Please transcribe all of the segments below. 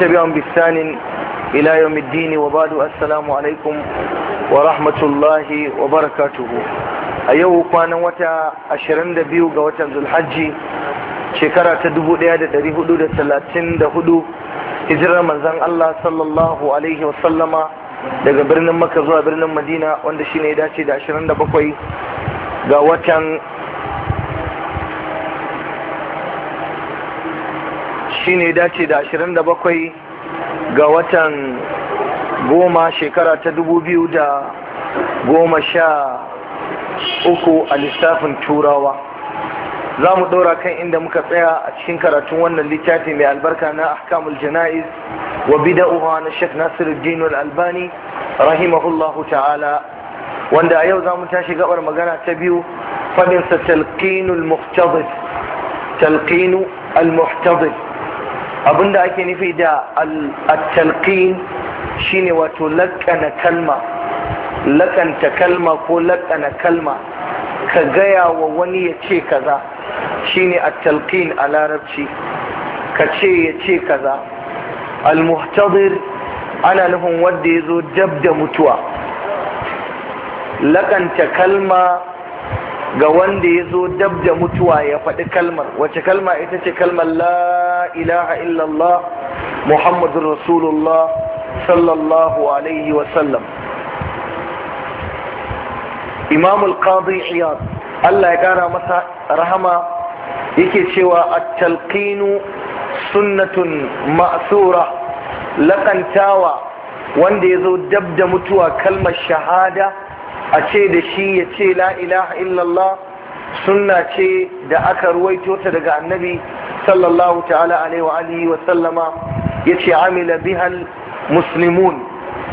تبعهم بإحسان إلى يوم الدين وبعد السلام عليكم ورحمة الله وبركاته أيوه كان وتا أشرن دبيو قوتا ذو الحج شكرا تدبو ليادة دري هدو دا سلاتين دا هدو hijirar manzan Allah sallallahu Alaihi wasallama daga birnin Makka zuwa birnin Madina wanda shi ne dace da 27 ga watan shi ne dace da 27 ga watan goma shekara ta 2013 a lissafin turawa za mu ɗora kan inda muka tsaya a cikin karatun wannan littafi mai albarka na ahkamul jana'iz wa Uwa na shek Nasiruddin Al-Albani rahimahullahu ta'ala wanda a yau za mu tashi gabar magana ta biyu fadinsa talqinul muhtadif talqinu al abinda ake nufi da at-talqin shine wato laƙana kalma laƙanta kalma ko laƙana kalma ka gaya wa wani ya ce kaza shine at-talqin a larabci ka ce ya ce kaza al-muhtadir ana nufin wanda ya zo dab da mutuwa laƙanta kalma ga wanda ya zo dab da mutuwa ya faɗi kalmar wace kalma ita ce kalmar la ilaha illallah muhammadun rasulullah sallallahu alaihi wasallam imamul qadi iyad Allah ya kara masa rahama yake cewa a talqinu sunnatun ma'sura laƙantawa wanda ya zo dab da mutuwa kalmar shahada a ce da shi ya ce la ilaha illallah sunna ce da aka ruwaito ta daga annabi sallallahu ta'ala alaihi wa alihi wa sallama yace amila bihal musulmun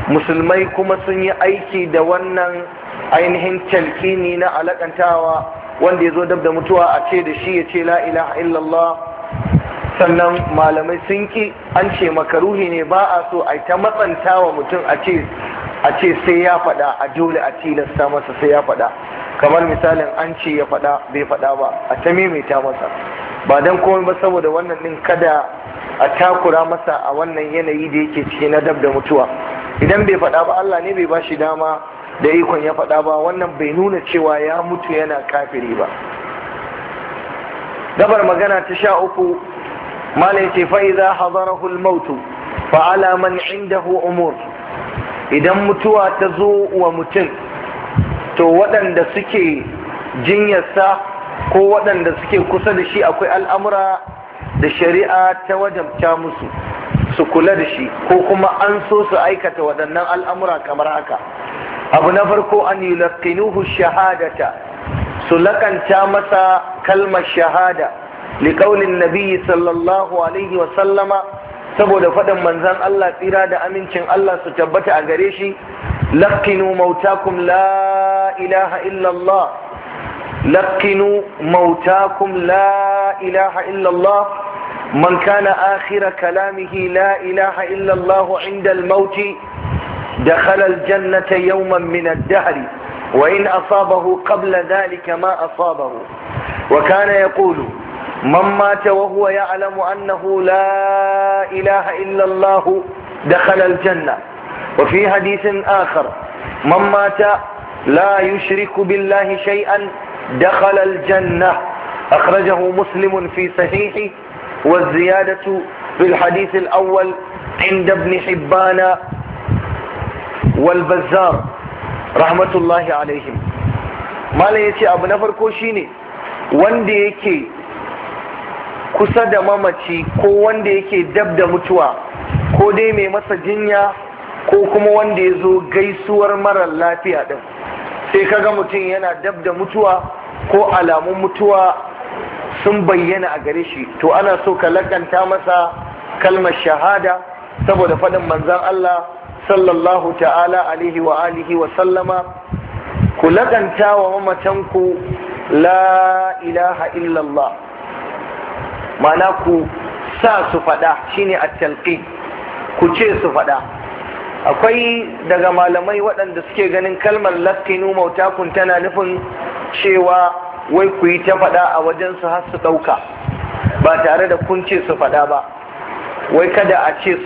musulmai kuma sun yi aiki da wannan ainihin talkini na alakantawa wanda ya zo dab da mutuwa a ce da shi ya ce la ilaha illallah sannan malamai sun ki an ce makaruhi ne ba a so a ta matsantawa mutum a ce a ce sai ya faɗa a dole a tilasta masa sai ya faɗa kamar misalin an ce ya faɗa bai faɗa ba a ta maimaita masa ba don komai ba saboda wannan din kada a takura masa a wannan yanayi da yake ciki na dab da mutuwa idan bai faɗa ba Allah ne bai ba shi dama da ikon ya faɗa ba wannan bai nuna cewa ya mutu yana kafiri ba gabar magana ta sha uku malai ce fa'iza hazarahul mautu fa'ala man indahu umur idan mutuwa ta zo wa mutum to waɗanda suke jinyarsa ko waɗanda suke kusa da shi akwai al'amura da shari'a ta wajabta musu su kula da shi ko kuma an so su aikata waɗannan al'amura kamar haka abu na farko an yi laƙinuhu shahadata su laƙanta masa kalmar shahada liƙaunin nabi sallallahu alaihi wasallama saboda faɗin manzan Allah tsira da amincin Allah su tabbata a gare shi laqinu mautakum la ilaha illallah laqinu mautakum la ilaha illallah man kana akhira kalamihi la ilaha illallah inda al-maut dakhala al-jannata yawman min ad-dahr wa in asabahu qabla dhalika ma asabahu wa kana man mata wa huwa ya'lamu annahu la ilaha illa Allah dakhala al-janna wa fi hadithin akhar man mata la yushriku billahi shay'an dakhala al-janna akhrajahu muslimun fi sahihi والزيادة في الحديث الأول عند ابن حبان والبزار رحمة الله عليهم ما لا يتي أبو نفر كوشيني wanda yake kusa da mamaci ko wanda yake dab da mutuwa ko dai mai masa jinya ko kuma wanda ya zo gaisuwar marar lafiya din sai kaga mutum yana dab da mutuwa ko alamun mutuwa sun bayyana a gare shi to ana so ka lakanta masa kalmar shahada saboda faɗin manzan Allah sallallahu ta'ala alihi wa alihi wa sallama ku lakanta wa mamacanku la ilaha illallah ma'ana ku sa su faɗa shine a talqin ku ce su faɗa akwai daga malamai waɗanda suke ganin kalmar laskinu mautakun tana nufin cewa wai ku yi ta faɗa a wajensu har su ɗauka ba tare da kun ce su faɗa ba wai kada a ce